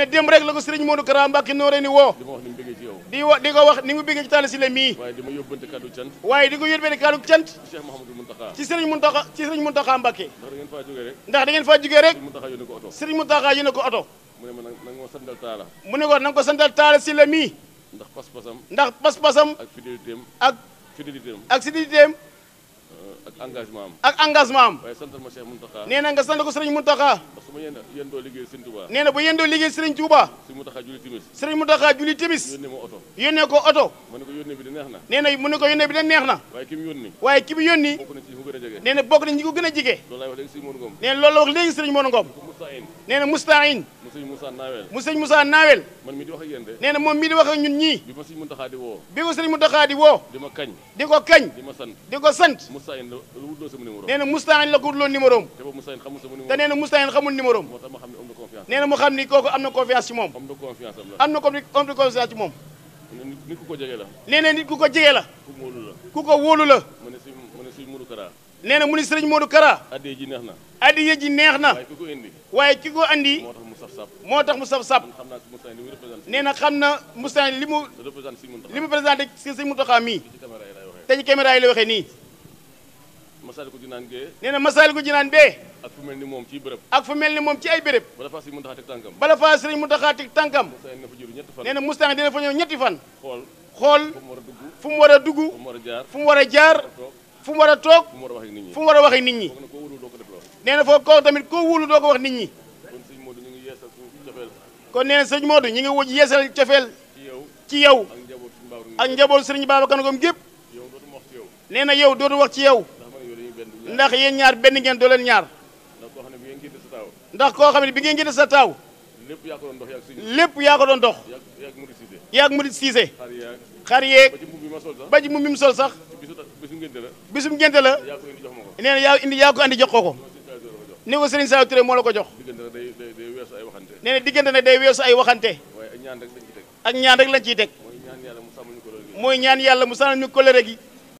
ne démb rek la ko sëriñ Modou Kara Mbacké nooree ni woo di wax di ko wax ni mu bëggee ci Talla Sylla mii waaye di ma yóbbante kàddu cant waaye di ko yóbbante kàddu cant ci Cheikh Mouhamadou Mountakha ci sëriñ Mountakha ci sëriñ Mountakha Mbacké ndax da ngeen faa jógee rek ndax da ngeen faa jógee rek sëriñ Mountakha yónnee ko oto mu ne ma nanga ma santal Talla mu ne ko nanga ko santal Talla Sylla mii ndax pas-pasam ndax pas-pasam ak fidélité ak fidélité ak fidélité euh, ak engagement am ak engagement am waaye santal ma Cheikh Mountakha nee na nga sant ko sëriñ Mountakha su ma yendoo liggéey Serigne Touba nee na yendoo liggéey Serigne Touba Serigne Mountakha julli timis Serigne Mountakha julli timis yónnee ma oto yónnee ko oto mu ne ko yónnee nee bi da neex na waaye ki mu yónni waaye ki mu yónni nee na bokk na ñi gën a jege nee na loolu la wax léegi Serigne Modou Ngom mustain nee na mustain mu sëñ Moussa Nawel mu sëñ Moussa Nawel man mi di wax ak yéen de nee na moom di ko ko am na mustain moom am na confiance am ko jege la ku ko jege ku ko wóolu la nee na mu ni sëriñ Modou Kara. addiya ji neex na. addiya ji neex waaye ki ko indi. waaye ki ko andi. moo tax mu saf saf. moo tax mu saf saf. nee na xam na Moustapha li mu. li mu présenté si sëñ Mountakha mii. te ci caméra yi la waxee nii. Masaalikul Jinaan bee. nee na Masaalikul Jinaan bee. ak fu mel ni moom ci bërëb. ak fu mel ni moom ci ay bërëb. bala faa sëriñ Mountakha teg tànkam. bala faa sëriñ Mountakha teg tànkam. nee na Moustapha dina fa ñëw ñetti fan. xool xool fu mu war a dugg fu mu war a jaar fu mu war a toog fu mu war a waxee nit ñi nee na foofu kaw tamit koo wóolu doo ko wax nit ñi kon nee na sëñ Modou ñu ngi wuj yeesal cofeel ci yow ak njaboot sëriñ Babacar Ngom gépp nee na yow dootu wax ci yow ndax yéen ñaar benn ngeen doo leen ñaar ndax koo xam ne bi ngeen gis sa taaw lépp yaa ko doon dox lépp yaa ko doon dox yaa ko doon dox yaa ko Murid Siise xar yeeg ba ci mbubb mi sol sax. bisum ngénte la bisum la nee na yaa indi yaa ko andi jox ko ko ni ko Serigne Saliou Touré moo la ko jox nee na diggante nag day weesu ay waxante ak ñaan rek lañ ciy teg mooy ñaan yàlla mu sàmmal ñu colère gi